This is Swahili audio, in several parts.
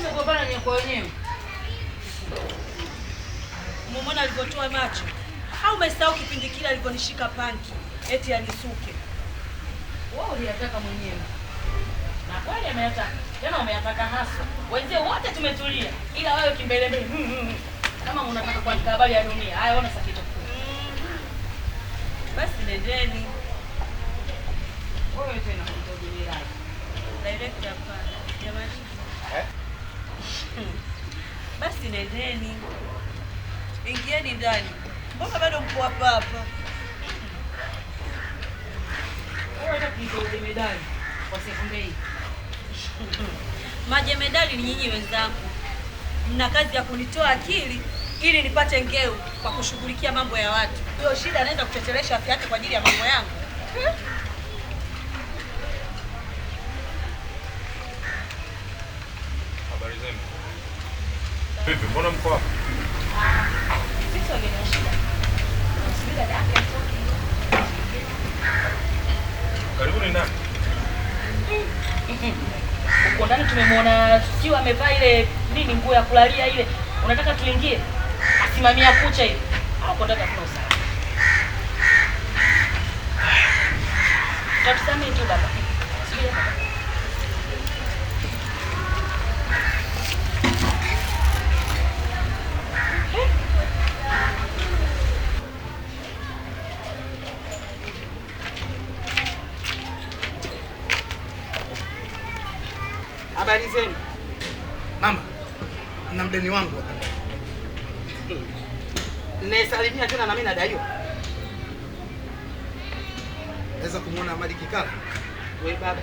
Umegombana ni kwa wenyewe. Umemwona alivyotoa macho? Au umesahau kipindi kile alivyonishika panki eti anisuke? Wewe uliyataka mwenyewe. Na kweli ameyataka. Tena umeyataka hasa. Wenzie wote tumetulia ila wewe kimbelembele. Hmm, hmm, hmm. Kama unataka kuandika habari ya dunia. Haya, ona sakito. Basi nendeni. basi nendeni, ingieni ndani. Mbona bado mko hapa hapa? Majemedali ni nyinyi wenzangu, mna kazi ya kunitoa akili ili nipate ngeu kwa kushughulikia mambo ya watu. Hiyo shida anaweza kuchelewesha afya yake kwa ajili ya mambo yangu. Habari zenu. Vipi, mbona mko hapa? Karibuni ndani. Uko ndani tumemwona Sio amevaa ile nini nguo ya kulalia ile. Unataka tuingie? Asimamia kucha ile. Hapo ndaka kuna usalama. Tutamsamee tu baba. Habari zenu mama na mdeni wangu hmm. naesalimia tena na mimi Dayo. Naweza kumwona Amadi Kikala? We baba,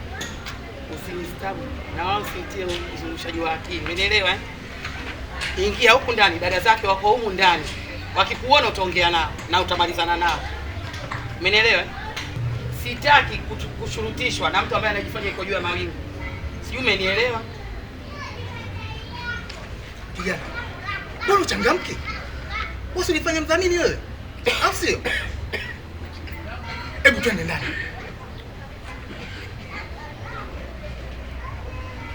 usinistabu na wao usitie uzungushaji wa akili, umenielewa eh? Ingia huku ndani, dada zake wako umu ndani, wakikuona utaongea nao na utamalizana nao, umenielewa? Eh? Sitaki kushurutishwa na mtu ambaye anajifanya yuko juu ya mawingu si umenielewa kijana? Bora uchangamke, wasi ulifanya mdhamini wewe, au sio? Hebu twende ndani.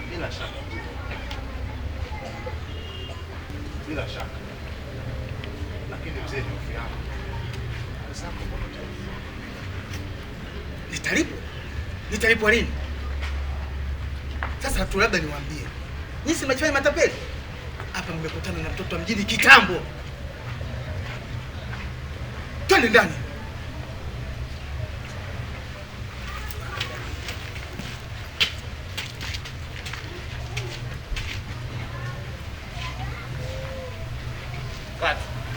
Bila shaka, bila shaka, lakini mzee, hofu yako nitalipo, nitalipwa lini? Sasa tu labda niwaambie. Nyinyi majifanya matapeli? Hapa mmekutana na mtoto wa mjini kitambo. Twende ndani.